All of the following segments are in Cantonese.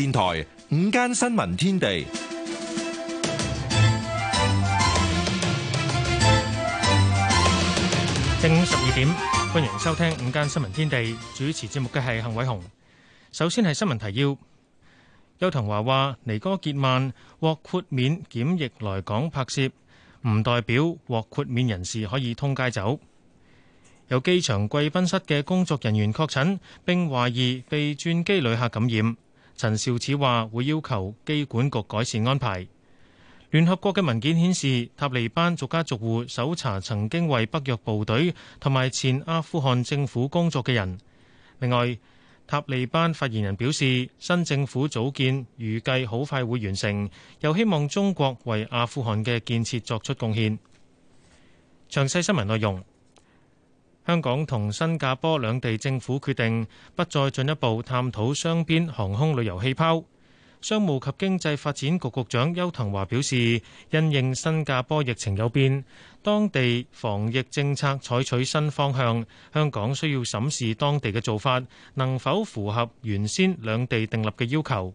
電台午間新聞天地，正午十二點，歡迎收聽午間新聞天地。主持節目嘅係幸偉雄。首先係新聞提要：邱騰華話，尼哥杰曼獲豁免檢疫來港拍攝，唔代表獲豁免人士可以通街走。有機場貴賓室嘅工作人員確診，並懷疑被轉機旅客感染。陳肇始話會要求機管局改善安排。聯合國嘅文件顯示，塔利班逐家逐戶搜查曾經為北約部隊同埋前阿富汗政府工作嘅人。另外，塔利班發言人表示，新政府組建預計好快會完成，又希望中國為阿富汗嘅建設作出貢獻。詳細新聞內容。香港同新加坡兩地政府決定不再進一步探討雙邊航空旅遊氣泡。商務及經濟發展局局長邱騰華表示，因應新加坡疫情有變，當地防疫政策採取新方向，香港需要審視當地嘅做法能否符合原先兩地訂立嘅要求。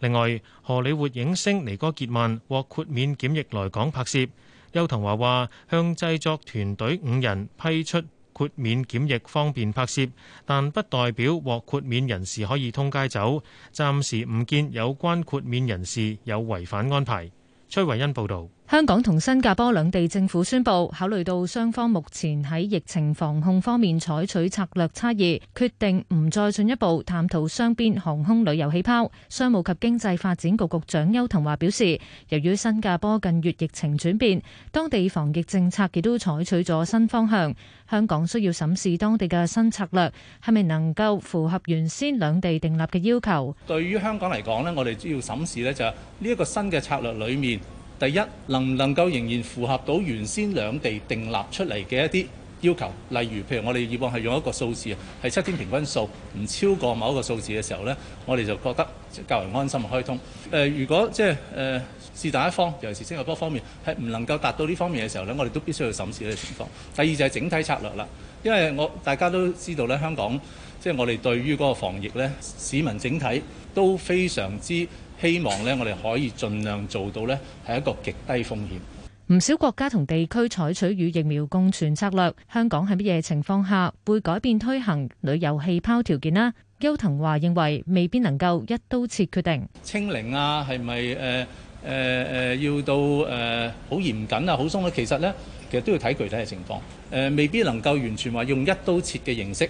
另外，荷里活影星尼哥傑曼獲豁免檢疫來港拍攝。邱騰華話：向製作團隊五人批出。豁免檢疫方便拍攝，但不代表獲豁免人士可以通街走。暫時唔見有關豁免人士有違反安排。崔維恩報導。香港同新加坡兩地政府宣布，考慮到雙方目前喺疫情防控方面採取策略差異，決定唔再進一步探討雙邊航空旅游氣泡。商務及經濟發展局局長邱騰華表示，由於新加坡近月疫情轉變，當地防疫政策亦都採取咗新方向，香港需要審視當地嘅新策略係咪能夠符合原先兩地訂立嘅要求。對於香港嚟講呢，我哋要審視呢就係呢一個新嘅策略裏面。第一，能唔能夠仍然符合到原先兩地訂立出嚟嘅一啲要求，例如譬如我哋以往係用一個數字啊，係七天平均數唔超過某一個數字嘅時候呢，我哋就覺得即係較為安心嘅開通。誒、呃，如果即係誒是但一方，尤其是新加坡方面係唔能夠達到呢方面嘅時候呢，我哋都必須要審視呢個情況。第二就係整體策略啦，因為我大家都知道咧，香港即係、就是、我哋對於嗰個防疫呢，市民整體都非常之。希望咧，我哋可以盡量做到咧，係一個極低風險。唔少國家同地區採取與疫苗共存策略，香港喺乜嘢情況下會改變推行旅遊氣泡條件呢？邱騰華認為未必能夠一刀切決定清零啊，係咪誒誒誒要到誒好嚴謹啊，好鬆啊？其實咧，其實都要睇具體嘅情況，誒未必能夠完全話用一刀切嘅形式。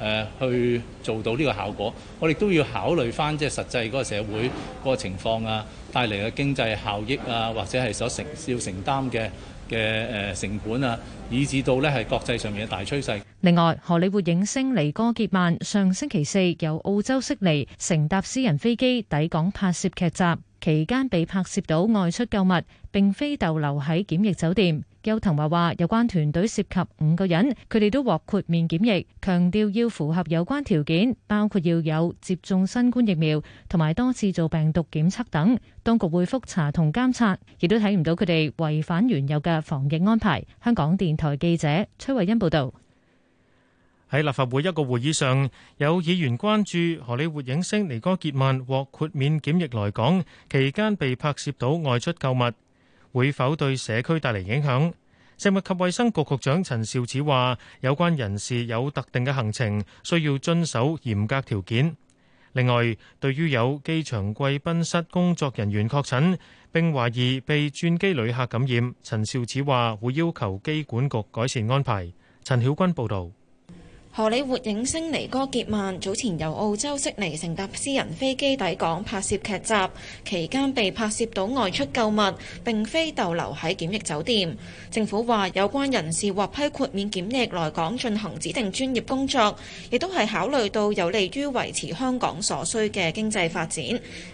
誒去做到呢個效果，我哋都要考慮翻即係實際嗰個社會嗰個情況啊，帶嚟嘅經濟效益啊，或者係所承要承擔嘅嘅誒成本啊，以至到咧係國際上面嘅大趨勢。另外，荷里活影星尼哥杰曼上星期四由澳洲悉尼乘搭私人飛機抵港拍攝劇集，期間被拍攝到外出購物，並非逗留喺檢疫酒店。邱騰華話：有關團隊涉及五個人，佢哋都獲豁免檢疫，強調要符合有關條件，包括要有接種新冠疫苗，同埋多次做病毒檢測等。當局會複查同監察，亦都睇唔到佢哋違反原有嘅防疫安排。香港電台記者崔慧欣報道：喺立法會一個會議上，有議員關注荷里活影星尼哥杰曼獲豁免檢疫來港期間被拍攝到外出購物。會否對社區帶嚟影響？食物及衛生局局長陳肇始話：有關人士有特定嘅行程，需要遵守嚴格條件。另外，對於有機場貴賓室工作人員確診，並懷疑被轉機旅客感染，陳肇始話會要求機管局改善安排。陳曉君報導。荷里活影星尼哥杰曼早前由澳洲悉尼乘搭私人飛機抵港拍攝劇集，期間被拍攝到外出購物，並非逗留喺檢疫酒店。政府話有關人士獲批豁免檢疫來港進行指定專業工作，亦都係考慮到有利於維持香港所需嘅經濟發展。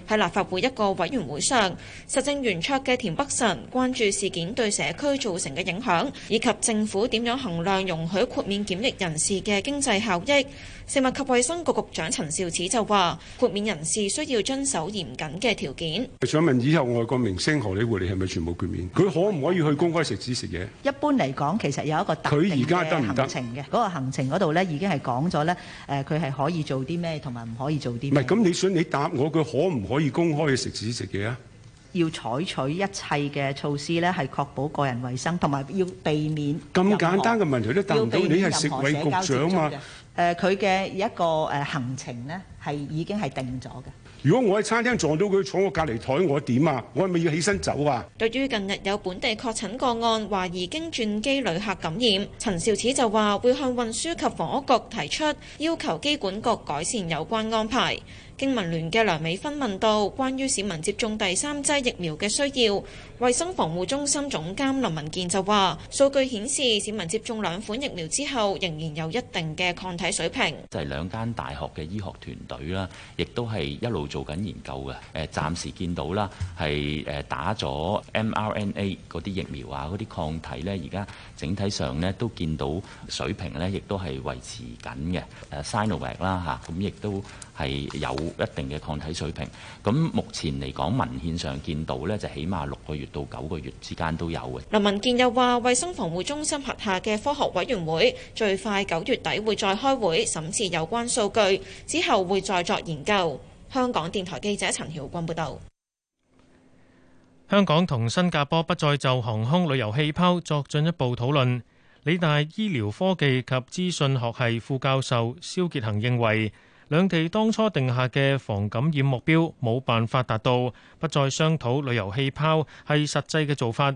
喺立法會一個委員會上，實政圓桌嘅田北辰關注事件對社區造成嘅影響，以及政府點樣衡量容許豁免檢疫人士嘅經濟效益，食物及衛生局局長陳肇始就話：豁免人士需要遵守嚴謹嘅條件。我想問以後外國明星荷里活你係咪全部豁免？佢可唔可以去公開食肆食嘢？一般嚟講，其實有一個特定嘅行程嘅嗰個行程嗰度咧，已經係講咗咧，誒佢係可以做啲咩，同埋唔可以做啲。唔係，咁你想你答我，佢可唔可以公開去食肆食嘢啊？要採取一切嘅措施咧，係確保個人衛生，同埋要避免咁簡單嘅問題都答唔到。你係食委局長嘛？誒、啊，佢嘅一個誒行程咧係已經係定咗嘅。如果我喺餐廳撞到佢坐我隔離台，我點啊？我係咪要起身走啊？對於近日有本地確診個案懷疑經轉機旅客感染，陳肇始就話會向運輸及房屋局提出要求，機管局改善有關安排。經民聯嘅梁美芬問到關於市民接種第三劑疫苗嘅需要，衞生防護中心總監林文健就話，數據顯示市民接種兩款疫苗之後，仍然有一定嘅抗體水平。即係兩間大學嘅醫學團隊啦，亦都係一路做緊研究嘅。誒，暫時見到啦，係誒打咗 mRNA 嗰啲疫苗啊，啲抗體咧，而家整體上咧都見到水平咧，亦都係維持緊嘅。誒 Sinovac 啦嚇，咁亦都，係有一定嘅抗體水平。咁目前嚟講，文獻上見到呢就起碼六個月到九個月之間都有嘅。林文健又話，衞生防護中心轄下嘅科學委員會最快九月底會再開會審視有關數據，之後會再作研究。香港電台記者陳曉君報導。香港同新加坡不再就航空旅遊氣泡作進一步討論。理大醫療科技及資訊學系副教授蕭傑恒認為，兩地當初定下嘅防感染目標冇辦法達到，不再商討旅遊氣泡係實際嘅做法。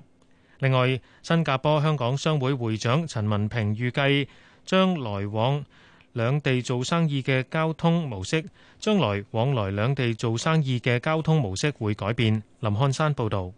另外，新加坡香港商會會長陳文平預計將來往兩地做生意嘅交通模式，將來往來兩地做生意嘅交通模式會改變。林漢山報導。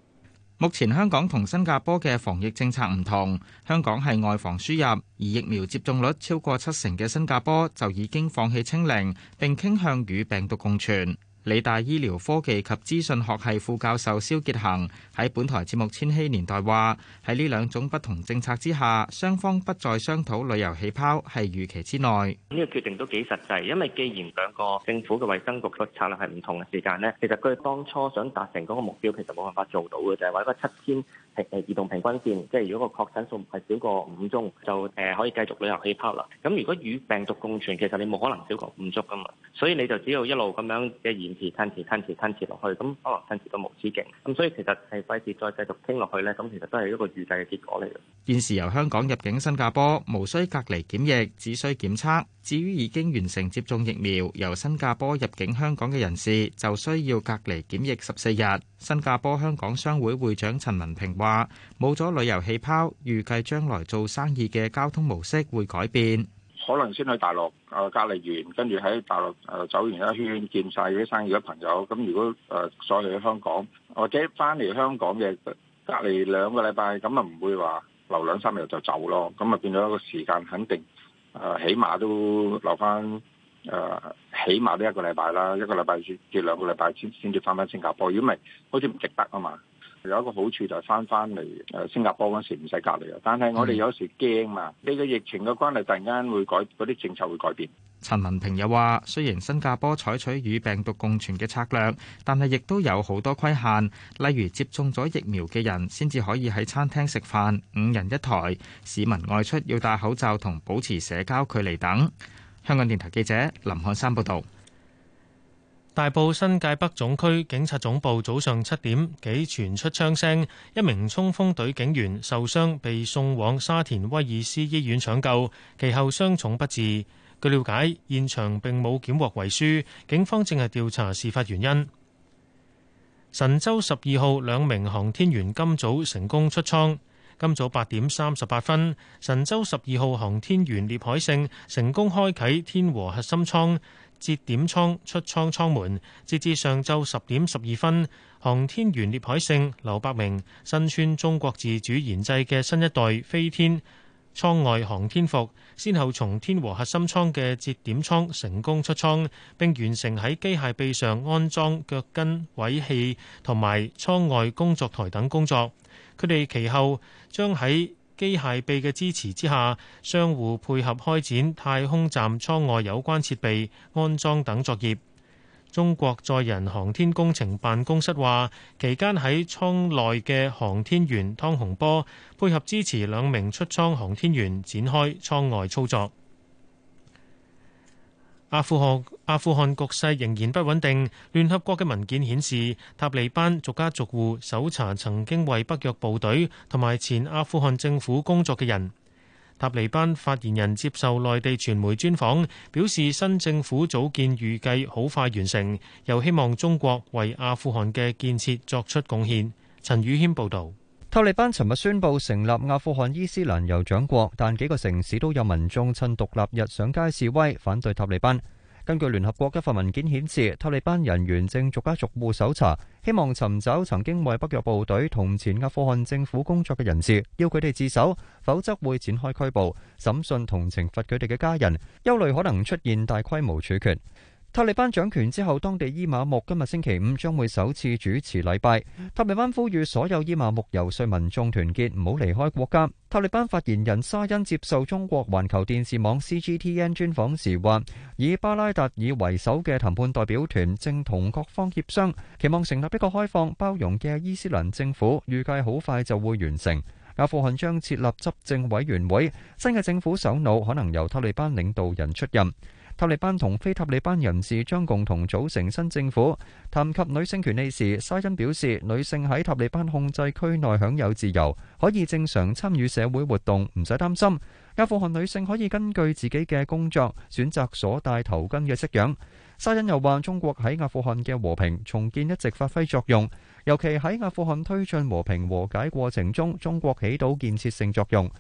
目前香港同新加坡嘅防疫政策唔同，香港係外防輸入，而疫苗接種率超過七成嘅新加坡就已經放棄清零，並傾向與病毒共存。理大醫療科技及資訊學系副教授蕭傑恒喺本台節目《千禧年代》話：喺呢兩種不同政策之下，雙方不再商討旅遊氣泡係預期之內。呢個決定都幾實際，因為既然兩個政府嘅衛生局個策略係唔同嘅時間，呢其實佢哋當初想達成嗰個目標，其實冇辦法做到嘅，就係話一個七天。平誒移動平均線，即係如果個確診數唔係少過五宗，就誒可以繼續旅遊氣泡啦。咁如果與病毒共存，其實你冇可能少過五宗㗎嘛。所以你就只要一路咁樣嘅延遲、吞遲、吞遲、吞遲落去，咁可能吞遲到無止境。咁所以其實係費事再繼續傾落去咧，咁其實都係一個預計嘅結果嚟嘅。現時由香港入境新加坡，無需隔離檢疫，只需檢測。至於已經完成接種疫苗由新加坡入境香港嘅人士，就需要隔離檢疫十四日。新加坡香港商會會長陳文平話，冇咗旅遊氣泡，預計將來做生意嘅交通模式會改變。可能先去大陸誒、呃，隔離完，跟住喺大陸誒走完一圈，見晒啲生意嘅朋友。咁如果誒、呃、再去香港，或者翻嚟香港嘅隔離兩個禮拜，咁啊唔會話留兩三日就走咯。咁啊變咗一個時間肯定誒、呃，起碼都留翻。誒，起碼都一個禮拜啦，一個禮拜至至兩個禮拜先先至返返新加坡，如果唔係，好似唔值得啊嘛。有一個好處就係返返嚟誒新加坡嗰時唔使隔離啊。但係我哋有時驚呀，呢個疫情嘅關係突然間會改嗰啲政策會改變。嗯、陳文平又話：雖然新加坡採取與病毒共存嘅策略，但係亦都有好多規限，例如接種咗疫苗嘅人先至可以喺餐廳食飯，五人一枱；市民外出要戴口罩同保持社交距離等。香港電台記者林漢山報道，大埔新界北總區警察總部早上七點幾傳出槍聲，一名衝鋒隊警員受傷，被送往沙田威爾斯醫院搶救，其後傷重不治。據了解，現場並冇檢獲遺書，警方正係調查事發原因。神舟十二號兩名航天員今早成功出艙。今早八點三十八分，神舟十二號航天員聶海勝成功開啟天和核心艙節點艙出艙艙門，截至上晝十點十二分，航天員聶海勝、劉伯明身穿中國自主研製嘅新一代飛天艙外航天服，先後從天和核心艙嘅節點艙成功出艙，並完成喺機械臂上安裝腳跟位器同埋艙外工作台等工作。佢哋其後將喺機械臂嘅支持之下，相互配合開展太空站艙外有關設備安裝等作業。中國載人航天工程辦公室話，期間喺艙內嘅航天員湯洪波配合支持兩名出艙航天員展開艙外操作。阿富汗，阿富汗局勢仍然不穩定，聯合國嘅文件顯示，塔利班逐家逐戶搜查曾經為北約部隊同埋前阿富汗政府工作嘅人。塔利班發言人接受內地傳媒專訪，表示新政府組建預計好快完成，又希望中國為阿富汗嘅建設作出貢獻。陳宇軒報道。塔利班尋日宣布成立阿富汗伊斯蘭酋長國，但幾個城市都有民眾趁獨立日上街示威，反對塔利班。根據聯合國一份文件顯示，塔利班人員正逐家逐戶搜查，希望尋找曾經為北約部隊同前阿富汗政府工作嘅人士，要佢哋自首，否則會展開拘捕、審訊同懲罰佢哋嘅家人。憂慮可能出現大規模處決。塔利班掌權之後，當地伊瑪目今日星期五將會首次主持禮拜。塔利班呼籲所有伊瑪目游説民眾團結，唔好離開國家。塔利班發言人沙欣接受中國環球電視網 CGTN 專訪時話，以巴拉達爾為首嘅談判代表團正同各方協商，期望成立一個開放包容嘅伊斯蘭政府，預計好快就會完成。阿富汗將設立執政委員會，新嘅政府首腦可能由塔利班領導人出任。塔利班同非塔利班人士將共同組成新政府。談及女性權利時，沙欣表示，女性喺塔利班控制區內享有自由，可以正常參與社會活動，唔使擔心。阿富汗女性可以根據自己嘅工作選擇所戴頭巾嘅式樣。沙欣又話：中國喺阿富汗嘅和平重建一直發揮作用，尤其喺阿富汗推進和平和解過程中，中國起到建設性作用。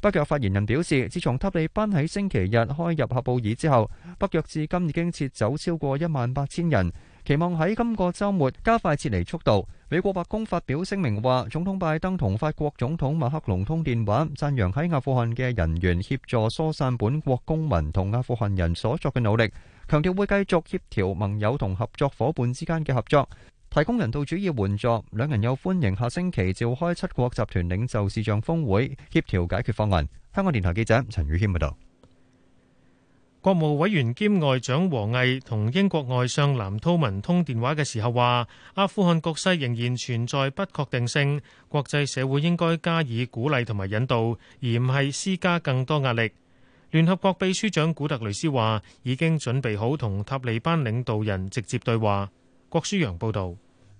北約發言人表示，自從塔利班喺星期日開入喀布爾之後，北約至今已經撤走超過一萬八千人，期望喺今個周末加快撤離速度。美國白宮發表聲明話，總統拜登同法國總統馬克龍通電話，讚揚喺阿富汗嘅人員協助疏散本國公民同阿富汗人所作嘅努力，強調會繼續協調盟友同合作伙伴之間嘅合作。提供人道主義援助，兩人又歡迎下星期召開七國集團領袖視像峰會，協調解決方案。香港電台記者陳宇謙報道。國務委員兼外長王毅同英國外相藍韜文通電話嘅時候話，阿富汗局勢仍然存在不確定性，國際社會應該加以鼓勵同埋引導，而唔係施加更多壓力。聯合國秘書長古特雷斯話已經準備好同塔利班領導人直接對話。郭書洋報道，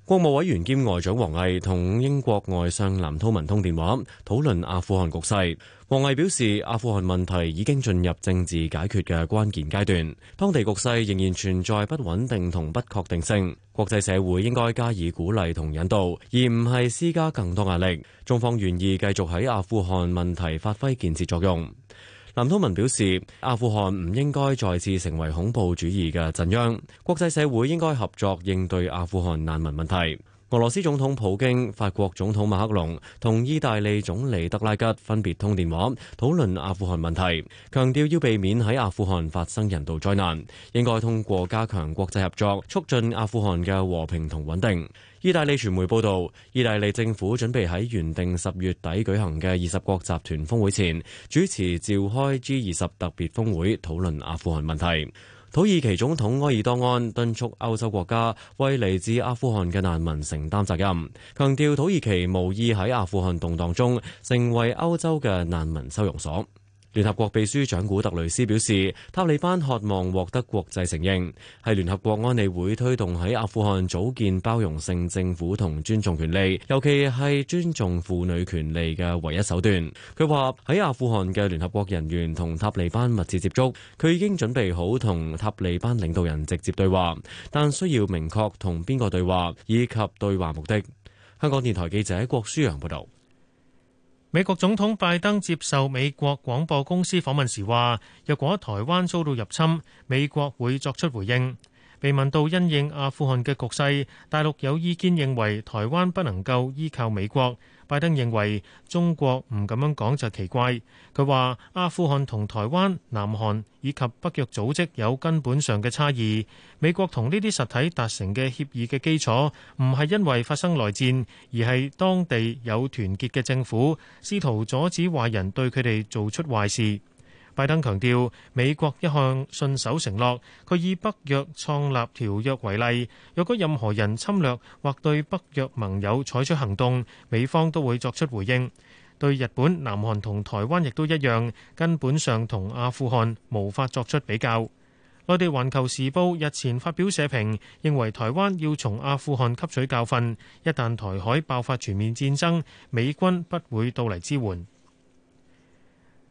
國務委員兼外長王毅同英國外相藍韜文通電話，討論阿富汗局勢。王毅表示，阿富汗問題已經進入政治解決嘅關鍵階段，當地局勢仍然存在不穩定同不確定性。國際社會應該加以鼓勵同引導，而唔係施加更多壓力。中方願意繼續喺阿富汗問題發揮建設作用。林通文表示，阿富汗唔應該再次成為恐怖主義嘅震央，國際社會應該合作應對阿富汗難民問題。俄羅斯總統普京、法國總統馬克龍同意大利總理德拉吉分別通電話討論阿富汗問題，強調要避免喺阿富汗發生人道災難，應該通過加強國際合作，促進阿富汗嘅和平同穩定。意大利傳媒報道，意大利政府準備喺原定十月底舉行嘅二十國集團峰會前主持召開 G 二十特別峰會，討論阿富汗問題。土耳其總統埃爾多安敦促歐洲國家為嚟自阿富汗嘅難民承擔責任，強調土耳其無意喺阿富汗動盪中成為歐洲嘅難民收容所。聯合國秘書長古特雷斯表示，塔利班渴望獲得國際承認，係聯合國安理會推動喺阿富汗組建包容性政府同尊重權利，尤其係尊重婦女權利嘅唯一手段。佢話喺阿富汗嘅聯合國人員同塔利班密切接觸，佢已經準備好同塔利班領導人直接對話，但需要明確同邊個對話以及對話目的。香港電台記者郭舒陽報道。美國總統拜登接受美國廣播公司訪問時話，若果台灣遭到入侵，美國會作出回應。被問到因應阿富汗嘅局勢，大陸有意見認為台灣不能夠依靠美國。拜登認為中國唔咁樣講就奇怪。佢話阿富汗同台灣、南韓以及北約組織有根本上嘅差異。美國同呢啲實體達成嘅協議嘅基礎，唔係因為發生內戰，而係當地有團結嘅政府，試圖阻止壞人對佢哋做出壞事。拜登強調美國一向信守承諾，佢以北約創立條約為例，若果任何人侵略或對北約盟友採取行動，美方都會作出回應。對日本、南韓同台灣亦都一樣，根本上同阿富汗無法作出比較。內地《環球時報》日前發表社評，認為台灣要從阿富汗吸取教訓，一旦台海爆發全面戰爭，美軍不會到嚟支援。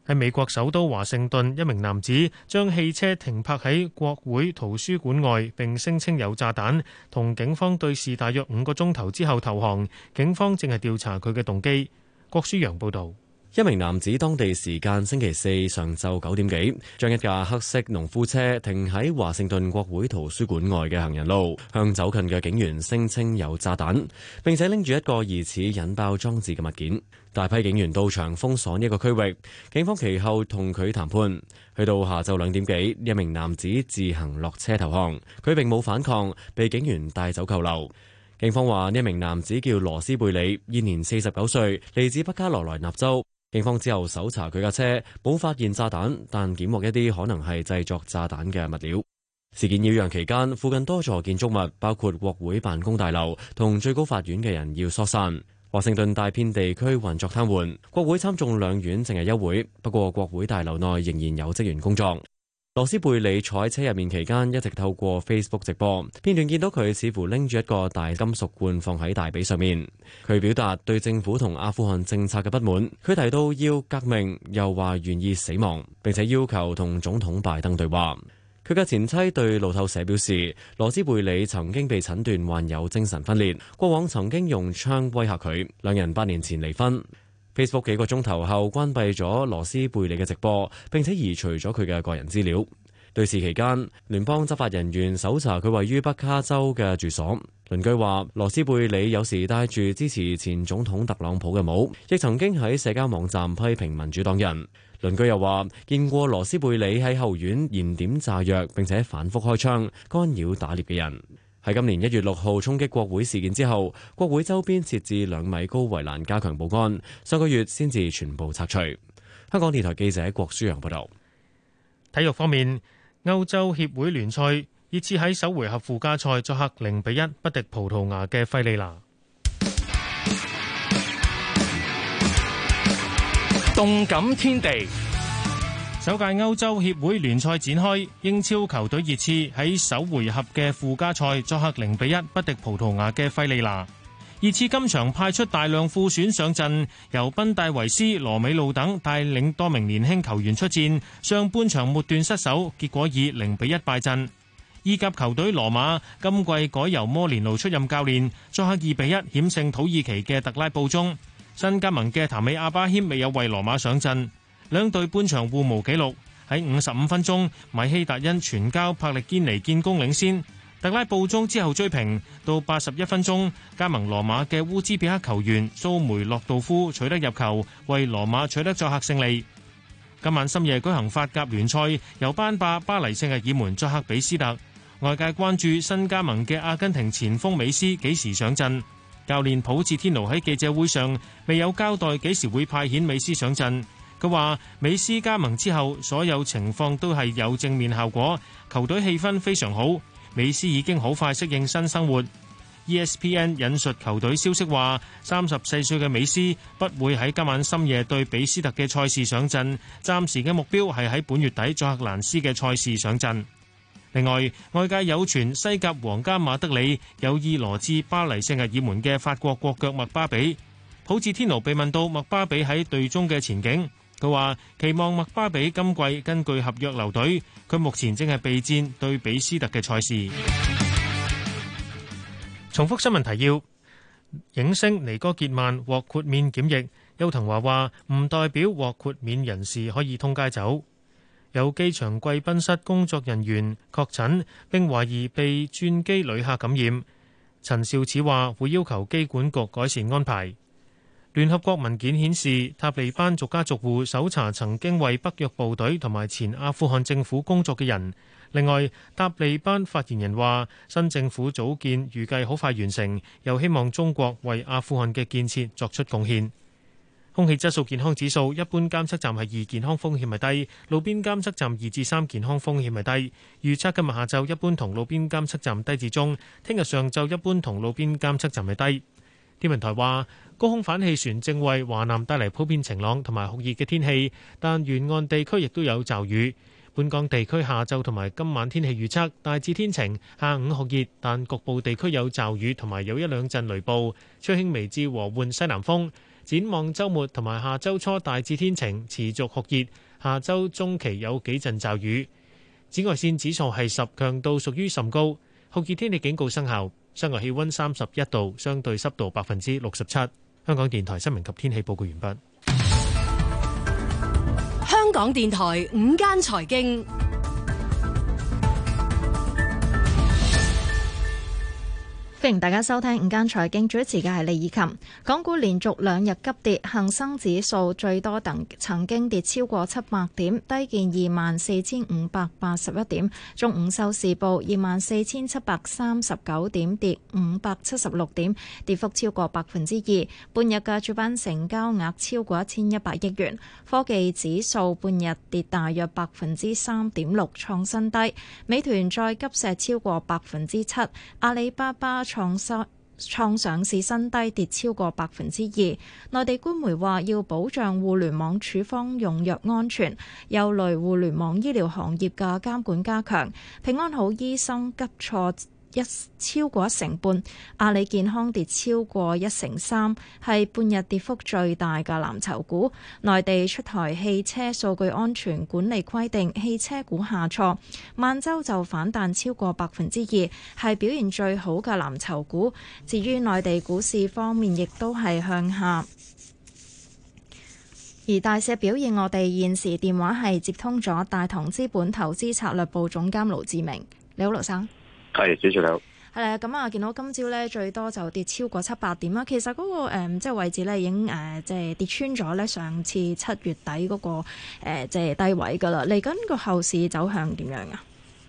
喺美國首都華盛頓，一名男子將汽車停泊喺國會圖書館外，並聲稱有炸彈，同警方對峙大約五個鐘頭之後投降。警方正係調查佢嘅動機。郭舒揚報導。一名男子，當地時間星期四上晝九點幾，將一架黑色農夫車停喺華盛頓國會圖書館外嘅行人路，向走近嘅警員聲稱有炸彈，並且拎住一個疑似引爆裝置嘅物件。大批警員到場封鎖呢個區域，警方其後同佢談判。去到下晝兩點幾，一名男子自行落車投降，佢並冇反抗，被警員帶走扣留。警方話呢名男子叫羅斯貝里，現年四十九歲，嚟自北卡羅萊納州。警方之後搜查佢架車，冇發現炸彈，但檢獲一啲可能係製作炸彈嘅物料。事件擾攘期間，附近多座建築物，包括國會辦公大樓同最高法院嘅人要疏散。華盛頓大片地區運作癱瘓，國會參眾兩院淨係休會，不過國會大樓內仍然有職員工作。羅斯貝里坐喺車入面期間，一直透過 Facebook 直播片段，見到佢似乎拎住一個大金屬罐放喺大髀上面。佢表達對政府同阿富汗政策嘅不滿。佢提到要革命，又話願意死亡，並且要求同總統拜登對話。佢嘅前妻對路透社表示，羅斯貝里曾經被診斷患有精神分裂，過往曾經用槍威嚇佢。兩人八年前離婚。Facebook 幾個鐘頭後關閉咗羅斯貝里嘅直播，並且移除咗佢嘅個人資料。對此期間，聯邦執法人員搜查佢位於北卡州嘅住所。鄰居話：羅斯貝里有時戴住支持前總統特朗普嘅帽，亦曾經喺社交網站批評民主黨人。鄰居又話：見過羅斯貝里喺後院燃點炸藥，並且反覆開槍，干擾打獵嘅人。喺今年一月六號衝擊國會事件之後，國會周邊設置兩米高圍欄加強保安，上個月先至全部拆除。香港電台記者郭舒陽報道。體育方面，歐洲協會聯賽，熱刺喺首回合附加賽作客零比一不敵葡萄牙嘅費利娜。動感天地。首屆歐洲協會聯賽展開，英超球隊熱刺喺首回合嘅附加賽作客零比一不敵葡萄牙嘅費利拿。熱刺今場派出大量副選上陣，由賓戴維斯、羅美路等帶領多名年輕球員出戰，上半場末段失守，結果以零比一敗陣。意甲球隊羅馬今季改由摩連奴出任教練，作客二比一險勝土耳其嘅特拉布宗。新加盟嘅譚美阿巴謙未有為羅馬上陣。兩隊半場互無紀錄，喺五十五分鐘，米希達因傳交柏力堅尼建功領先，特拉布中之後追平。到八十一分鐘，加盟羅馬嘅烏茲比克球員蘇梅洛道夫取得入球，為羅馬取得作客勝利。今晚深夜舉行法甲聯賽，由班霸巴黎聖日耳門作客比斯特。外界關注新加盟嘅阿根廷前鋒美斯幾時上陣？教練普智天奴喺記者會上未有交代幾時會派遣美斯上陣。佢話：美斯加盟之後，所有情況都係有正面效果，球隊氣氛非常好。美斯已經好快適應新生活。ESPN 引述球隊消息話，三十四歲嘅美斯不會喺今晚深夜對比斯特嘅賽事上陣，暫時嘅目標係喺本月底佐克蘭斯嘅賽事上陣。另外，外界有傳西甲皇家馬德里有意羅致巴黎聖日耳門嘅法國國腳麥巴比。普治天奴被問到麥巴比喺隊中嘅前景。佢話期望麥巴比今季根據合約留隊，佢目前正係備戰對比斯特嘅賽事。重複新聞提要：影星尼哥傑曼獲豁免檢疫，邱騰華話唔代表獲豁免人士可以通街走。有機場貴賓室工作人員確診並懷疑被轉機旅客感染，陳肇始話會要求機管局改善安排。聯合國文件顯示，塔利班逐家逐戶搜查曾經為北約部隊同埋前阿富汗政府工作嘅人。另外，塔利班發言人話：新政府組建預計好快完成，又希望中國為阿富汗嘅建設作出貢獻。空氣質素健康指數一般監測站係二，健康風險係低；路邊監測站二至三，健康風險係低。預測今日下晝一般同路邊監測站低至中，聽日上晝一般同路邊監測站係低。天文台話。高空反氣旋正為華南帶嚟普遍晴朗同埋酷熱嘅天氣，但沿岸地區亦都有驟雨。本港地區下晝同埋今晚天氣預測，大致天晴，下午酷熱，但局部地區有驟雨同埋有一兩陣雷暴，吹輕微至和緩西南風。展望週末同埋下周初大致天晴，持續酷熱，下周中期有幾陣驟雨。紫外線指數係十，強度屬於甚高。酷熱天氣警告生效，室外氣温三十一度，相對濕度百分之六十七。香港電台新聞及天氣報告完畢。香港電台午間財經。歡迎大家收聽午間財經，主持嘅係李以琴。港股連續兩日急跌，恒生指數最多等曾經跌超過七百點，低見二萬四千五百八十一點。中午收市報二萬四千七百三十九點，跌五百七十六點，跌幅超過百分之二。半日嘅主板成交額超過一千一百億元。科技指數半日跌大約百分之三點六，創新低。美團再急瀉超過百分之七，阿里巴巴。創上創上市新低，跌超過百分之二。內地官媒話要保障互聯網處方用藥安全，又累互聯網醫療行業嘅監管加強。平安好醫生急挫。一超過一成半，阿里健康跌超過一成三，係半日跌幅最大嘅藍籌股。內地出台汽車數據安全管理規定，汽車股下挫，萬洲就反彈超過百分之二，係表現最好嘅藍籌股。至於內地股市方面，亦都係向下。而大市表現，我哋現時電話係接通咗大同資本投資策略部總監盧志明。你好，盧生。係，主持你好。係啦，咁啊，見到今朝咧最多就跌超過七八點啦。其實嗰、那個誒、呃，即係位置咧已經誒，即、呃、係跌穿咗咧上次七月底嗰、那個誒、呃，即係低位噶啦。嚟緊個後市走向點樣啊？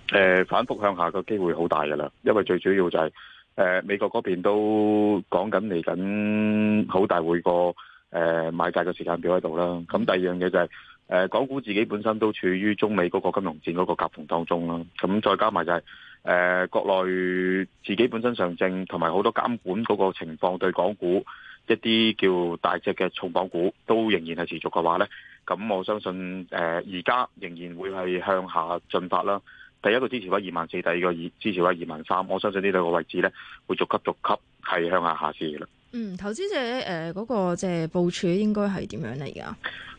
誒、呃，反復向下個機會好大噶啦，因為最主要就係、是、誒、呃，美國嗰邊都講緊嚟緊好大會個誒、呃、買債嘅時間表喺度啦。咁第二樣嘢就係、是、誒、呃，港股自己本身都處於中美嗰個金融戰嗰個夾縫當中啦。咁再加埋就係、是。誒、呃，國內自己本身上證，同埋好多監管嗰個情況，對港股一啲叫大隻嘅重磅股，都仍然係持續嘅話咧，咁我相信誒，而、呃、家仍然會係向下進發啦。第一個支持位二萬四，第二個支持位二萬三，我相信呢兩個位置咧，會逐級逐級係向下下試嘅啦。嗯，投資者誒，嗰、呃那個即係部署應該係點樣嚟㗎？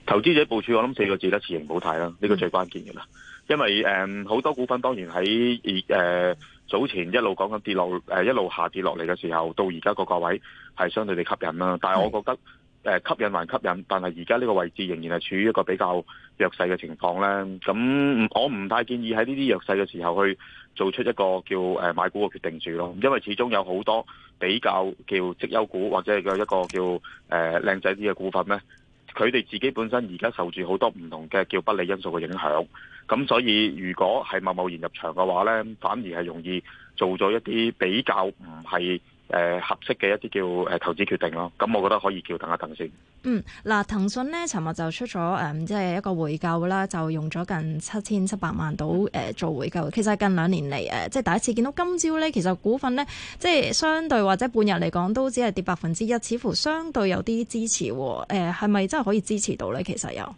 投資者部署，我諗四個字咧，持盈保泰啦，呢、這個最關鍵嘅啦。嗯因為誒，好多股份當然喺誒早前一路講緊跌落誒一路下跌落嚟嘅時候，到而家個個位係相對地吸引啦。但係我覺得誒吸引還吸引，但係而家呢個位置仍然係處於一個比較弱勢嘅情況咧。咁我唔太建議喺呢啲弱勢嘅時候去做出一個叫誒買股嘅決定住咯。因為始終有好多比較叫績優股或者係嘅一個叫誒靚仔啲嘅股份咧，佢哋自己本身而家受住好多唔同嘅叫不利因素嘅影響。咁所以如果係貿貿然入場嘅話呢，反而係容易做咗一啲比較唔係誒合適嘅一啲叫誒投資決定咯。咁我覺得可以叫等一等先。嗯，嗱、啊，騰訊呢，尋日就出咗誒，即、嗯、係、就是、一個回購啦，就用咗近七千七百萬到誒、呃、做回購。其實係近兩年嚟誒、呃，即係第一次見到今朝呢，其實股份呢，即係相對或者半日嚟講都只係跌百分之一，似乎相對有啲支持，哦。誒係咪真係可以支持到呢？其實有。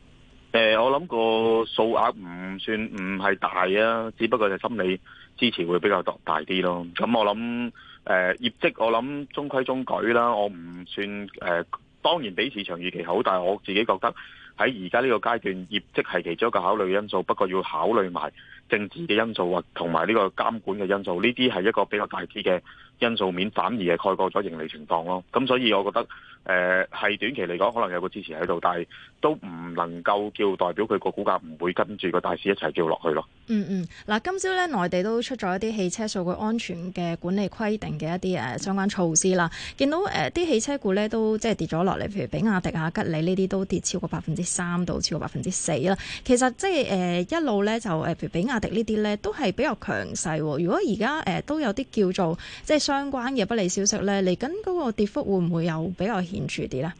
誒、呃，我諗個數額唔算唔係大啊，只不過就心理支持會比較大啲咯。咁我諗誒業績，我諗、呃、中規中矩啦。我唔算誒、呃，當然比市場預期好，但係我自己覺得喺而家呢個階段業績係其中一個考慮因素，不過要考慮埋政治嘅因素啊同埋呢個監管嘅因素，呢啲係一個比較大啲嘅因素面，反而係蓋過咗盈利情況咯。咁所以我覺得，誒、呃、係短期嚟講，可能有個支持喺度，但係都唔能夠叫代表佢個股價唔會跟住個大市一齊叫落去咯。嗯嗯，嗱、嗯，今朝咧內地都出咗一啲汽車數據安全嘅管理規定嘅一啲誒相關措施啦。見到誒啲、呃、汽車股咧都即係跌咗落嚟，譬如比亞迪啊、亞吉利呢啲都跌超過百分之三到超過百分之四啦。其實即係誒、呃、一路咧就誒譬如比亞。呢啲咧都係比較強勢。如果而家誒都有啲叫做即係相關嘅不利消息咧，嚟緊嗰個跌幅會唔會有比較顯著啲咧？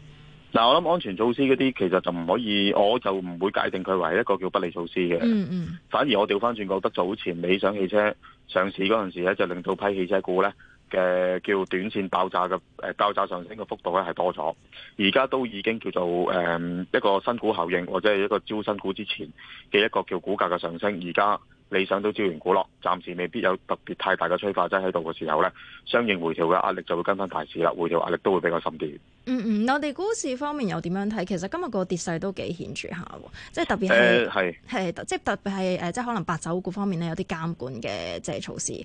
嗱，我諗安全措施嗰啲其實就唔可以，我就唔會界定佢為一個叫不利措施嘅。嗯嗯、mm。Hmm. 反而我調翻轉，覺得早前理想汽車上市嗰陣時咧，就令到批汽車股咧。嘅叫短線爆炸嘅誒爆炸上升嘅幅度咧係多咗，而家都已經叫做誒、嗯、一個新股效應或者係一個招新股之前嘅一個叫股價嘅上升，而家理想都招完股咯，暫時未必有特別太大嘅催化劑喺度嘅時候咧，相應回調嘅壓力就會跟翻大市啦，回調壓力都會比較深啲。嗯嗯，我哋股市方面又點樣睇？其實今日個跌勢都幾顯著下，即係特別係係係即係特別係誒，即係可能白酒股方面咧有啲監管嘅即係措施，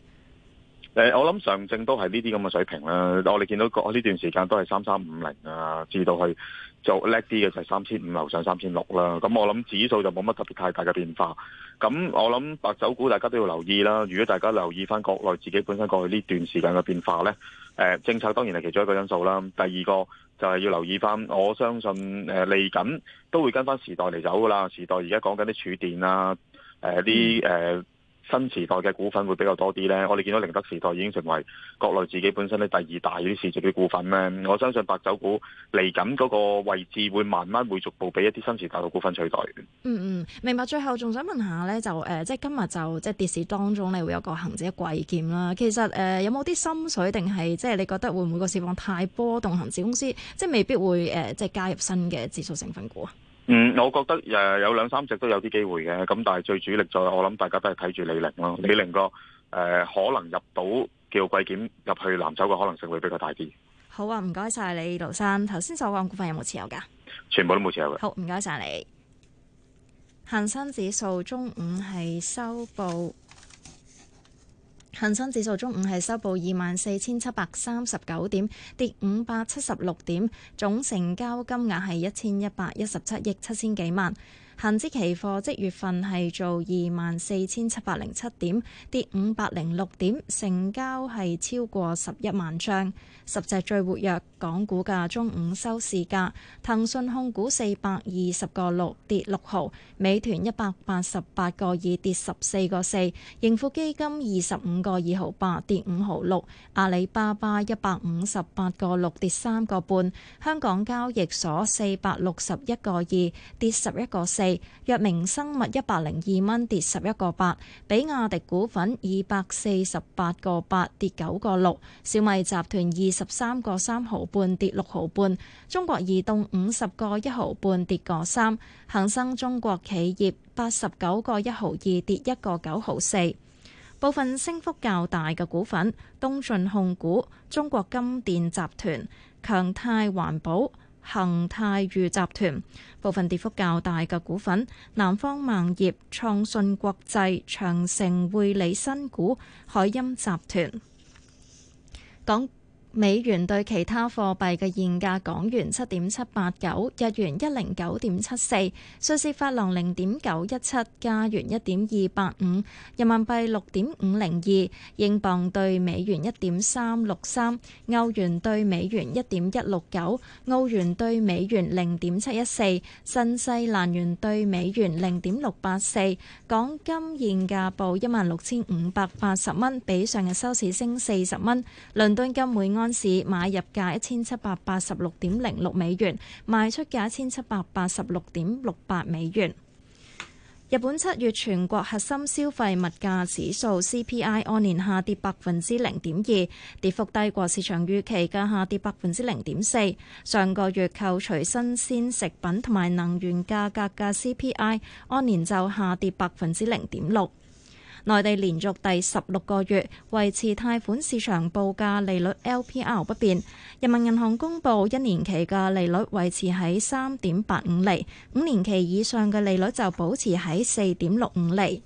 誒，我諗上證都係呢啲咁嘅水平啦。我哋見到個呢段時間都係三三五零啊，至到去做叻啲嘅就係三千五樓上三千六啦。咁、嗯、我諗指數就冇乜特別太大嘅變化。咁、嗯、我諗白酒股大家都要留意啦。如果大家留意翻國內自己本身過去呢段時間嘅變化呢，誒、呃、政策當然係其中一個因素啦。第二個就係要留意翻，我相信誒嚟緊都會跟翻時代嚟走噶啦。時代而家講緊啲儲電啊，誒啲誒。新時代嘅股份會比較多啲咧，我哋見到寧德時代已經成為國內自己本身咧第二大啲市值嘅股份咧，我相信白酒股嚟緊嗰個位置會慢慢會逐步俾一啲新時代嘅股份取代。嗯嗯，明白。最後仲想問下咧，就誒、呃、即係今日就即係跌市當中，你會有個恆指季檢啦。其實誒、呃、有冇啲心水定係即係你覺得會唔會個市況太波動，恆指公司即係未必會誒、呃、即係加入新嘅指數成分股啊？嗯，我覺得誒、呃、有兩三隻都有啲機會嘅，咁但係最主力就，我諗大家都係睇住李寧咯。李寧個誒可能入到叫季檢入去藍籌嘅可能性會比較大啲。好啊，唔該晒你盧生。頭先所講股份有冇持有噶？全部都冇持有嘅。好，唔該晒你。恒生指數中午係收報。恒生指數中午係收報二萬四千七百三十九點，跌五百七十六點，總成交金額係一千一百一十七億七千幾萬。恒指期貨即月份係做二萬四千七百零七點，跌五百零六點，成交係超過十一萬張。十隻最活躍港股嘅中午收市價：騰訊控股四百二十個六跌六毫；美團一百八十八個二跌十四個四；盈富基金二十五個二毫八跌五毫六；6，阿里巴巴一百五十八個六跌三個半；香港交易所四百六十一個二跌十一個四。藥明生物一百零二蚊跌十一個八，比亞迪股份二百四十八個八跌九個六，小米集團二十三個三毫半跌六毫半，中國移動五十個一毫半跌個三，恒生中國企業八十九個一毫二跌一個九毫四，部分升幅較大嘅股份：東進控股、中國金電集團、強泰環保。恒泰裕集團。部分跌幅較大嘅股份：南方萬業、創信國際、長城匯理、新股海鑫集團。港。美元對其他貨幣嘅現價：港元七點七八九，日元一零九點七四，瑞士法郎零點九一七，加元一點二八五，人民幣六點五零二，英鎊對美元一點三六三，歐元對美元一點一六九，澳元對美元零點七一四，新西蘭元對美元零點六八四。港金現價報一萬六千五百八十蚊，比上日收市升四十蚊。倫敦金每安。市買入價一千七百八十六點零六美元，賣出價一千七百八十六點六八美元。日本七月全國核心消費物價指數 CPI 按年下跌百分之零點二，跌幅低過市場預期嘅下跌百分之零點四。上個月扣除新鮮食品同埋能源價格嘅 CPI 按年就下跌百分之零點六。內地連續第十六個月維持貸款市場報價利率 LPR 不變，人民銀行公布一年期嘅利率維持喺三點八五厘，五年期以上嘅利率就保持喺四點六五厘。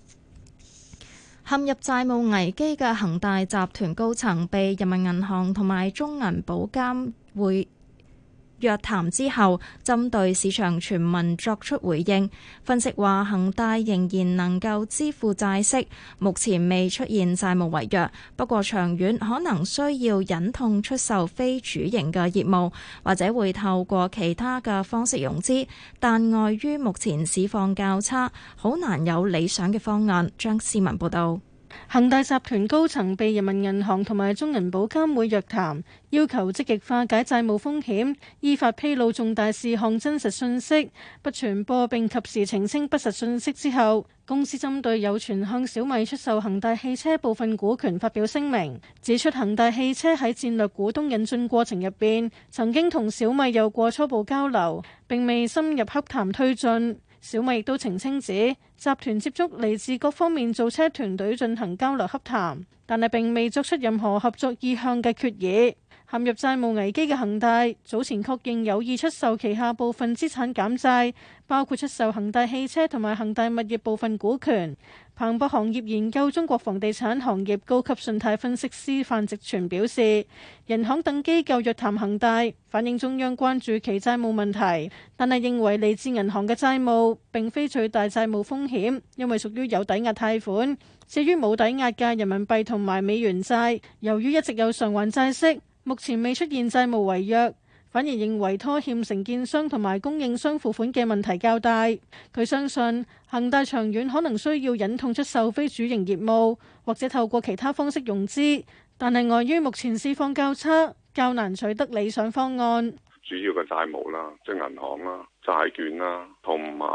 陷入債務危機嘅恒大集團高層被人民銀行同埋中銀保監會約談之後，針對市場傳聞作出回應，分析話恒大仍然能夠支付債息，目前未出現債務違約，不過長遠可能需要忍痛出售非主營嘅業務，或者會透過其他嘅方式融資，但礙於目前市況較差，好難有理想嘅方案。張思文報道。恒大集團高層被人民銀行同埋中銀保監會約談，要求積極化解債務風險，依法披露重大事項真實信息，不傳播並及時澄清不實信息之後，公司針對有傳向小米出售恒大汽車部分股權發表聲明，指出恒大汽車喺戰略股東引進過程入邊，曾經同小米有過初步交流，並未深入洽談推進。小米亦都澄清指，集團接觸嚟自各方面造車團隊進行交流洽談，但係並未作出任何合作意向嘅決議。陷入債務危機嘅恒大，早前確認有意出售旗下部分資產減債，包括出售恒大汽車同埋恒大物業部分股權。彭博行業研究中國房地產行業高級信貸分析師范植全表示，人行等機構約談恒大，反映中央關注其債務問題，但係認為嚟自銀行嘅債務並非最大債務風險，因為屬於有抵押貸款，至於冇抵押嘅人民幣同埋美元債，由於一直有償還債息，目前未出現債務違約。反而認為拖欠承建商同埋供應商付款嘅問題較大。佢相信恒大長遠可能需要忍痛出售非主營業務，或者透過其他方式融資。但係礙於目前市況較差，較難取得理想方案。主要嘅債務啦，即係銀行啦、債券啦，同埋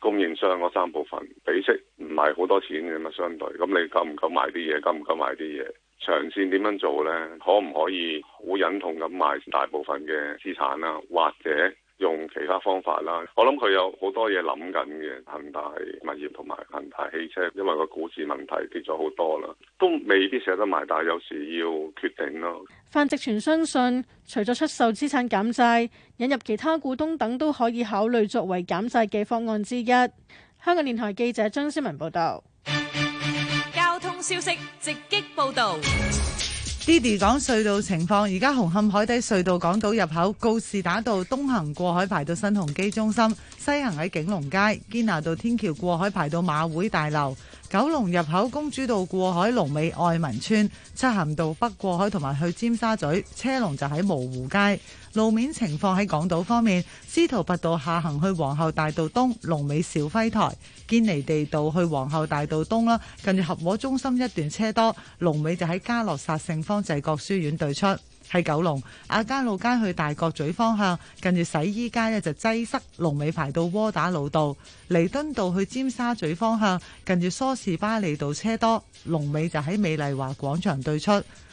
供應商嗰三部分，比息唔係好多錢嘅嘛。相對咁，你夠唔夠買啲嘢？夠唔夠買啲嘢？長線點樣做呢？可唔可以好忍痛咁賣大部分嘅資產啊，或者用其他方法啦、啊？我諗佢有好多嘢諗緊嘅。恒大物業同埋恒大汽車，因為個股市問題跌咗好多啦，都未必捨得賣，但有時要決定咯。范植泉相信，除咗出售資產減債、引入其他股東等，都可以考慮作為減債嘅方案之一。香港電台記者張思文報道。消息直擊報道 d i d y 講隧道情況，而家紅磡海底隧道港島入口告士打道東行過海排到新鴻基中心，西行喺景隆街堅拿道天橋過海排到馬會大樓。九龍入口公主道過海，龍尾愛民村；漆咸道北過海同埋去尖沙咀，車龍就喺蕪湖街。路面情況喺港島方面，司徒拔道下行去皇后大道東，龍尾小輝台；堅尼地道去皇后大道東啦，近住合和中心一段車多，龍尾就喺嘉諾撒聖方濟各書院對出。喺九龍，亞皆老街去大角咀方向，近住洗衣街呢就擠塞，龍尾排到窩打老道；彌敦道去尖沙咀方向，近住梳士巴利道車多，龍尾就喺美麗華廣場對出；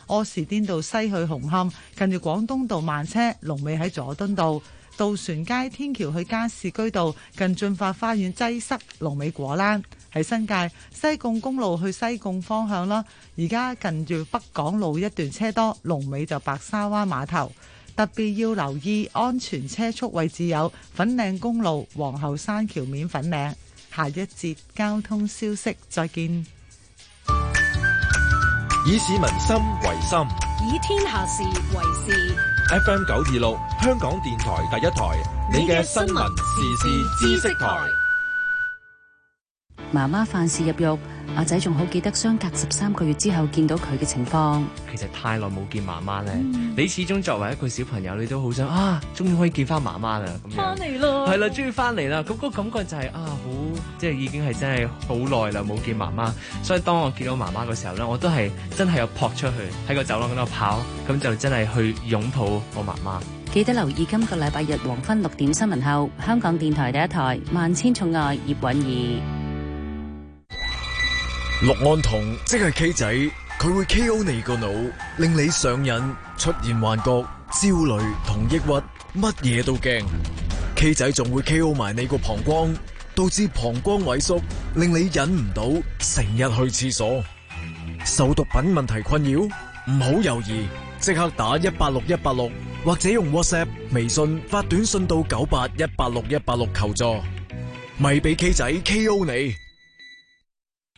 柯士甸道西去紅磡，近住廣東道慢車，龍尾喺佐敦道。渡船街天橋去加士居道，近駿發花園擠塞，龍尾果欄喺新界西貢公路去西貢方向啦。而家近住北港路一段車多，龍尾就白沙灣碼頭。特別要留意安全車速位置有粉嶺公路皇后山橋面粉嶺。下一節交通消息再見。以市民心為心，以天下事為事。FM 九二六，香港電台第一台，你嘅新聞時事知識台。媽媽飯事入肉。阿仔仲好記得相隔十三個月之後見到佢嘅情況。其實太耐冇見媽媽咧，嗯、你始終作為一個小朋友，你都好想啊，終於可以見翻媽媽啦，咁翻嚟咯，係啦，終於翻嚟啦。咁、嗰個感覺就係、是、啊，好即係已經係真係好耐啦冇見媽媽，所以當我見到媽媽嘅時候咧，我都係真係有撲出去喺個走廊度跑，咁就真係去擁抱我媽媽。記得留意今個禮拜日黃昏六點新聞後，香港電台第一台《萬千寵愛》葉韻儀。氯胺酮即係 K 仔，佢會 K.O 你個腦，令你上癮，出現幻覺、焦慮同抑鬱，乜嘢都驚。K 仔仲會 K.O 埋你個膀胱，導致膀胱萎縮，令你忍唔到，成日去廁所。受毒品問題困擾，唔好猶豫，即刻打一八六一八六，6，或者用 WhatsApp、微信發短信到九八一八六一八六求助，咪俾 K 仔 K.O 你。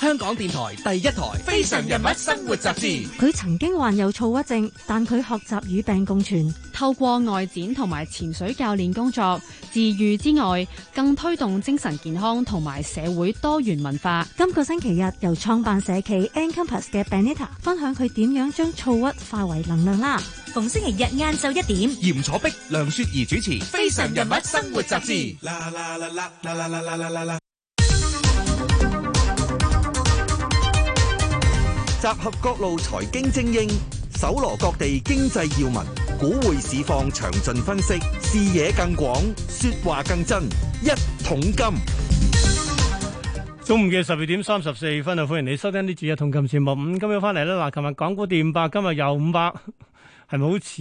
香港電台第一台《非常人物生活雜誌》，佢曾經患有躁鬱症，但佢學習與病共存，透過外展同埋潛水教練工作治癒之外，更推動精神健康同埋社會多元文化。今個星期日由創辦社企 Encampus 嘅 Benita 分享佢點樣將躁鬱化為能量啦。逢星期日晏晝一點，嚴楚碧、梁雪怡主持《非常人物生活雜誌》。集合各路財經精英，搜羅各地經濟要聞，股匯市況詳盡分析，視野更廣，說話更真。一桶金，中午嘅十二點三十四分啊！歡迎你收聽呢節一桶金節目。咁今日翻嚟喇，嗱，琴日港股跌五百，今日又五百，係咪好似？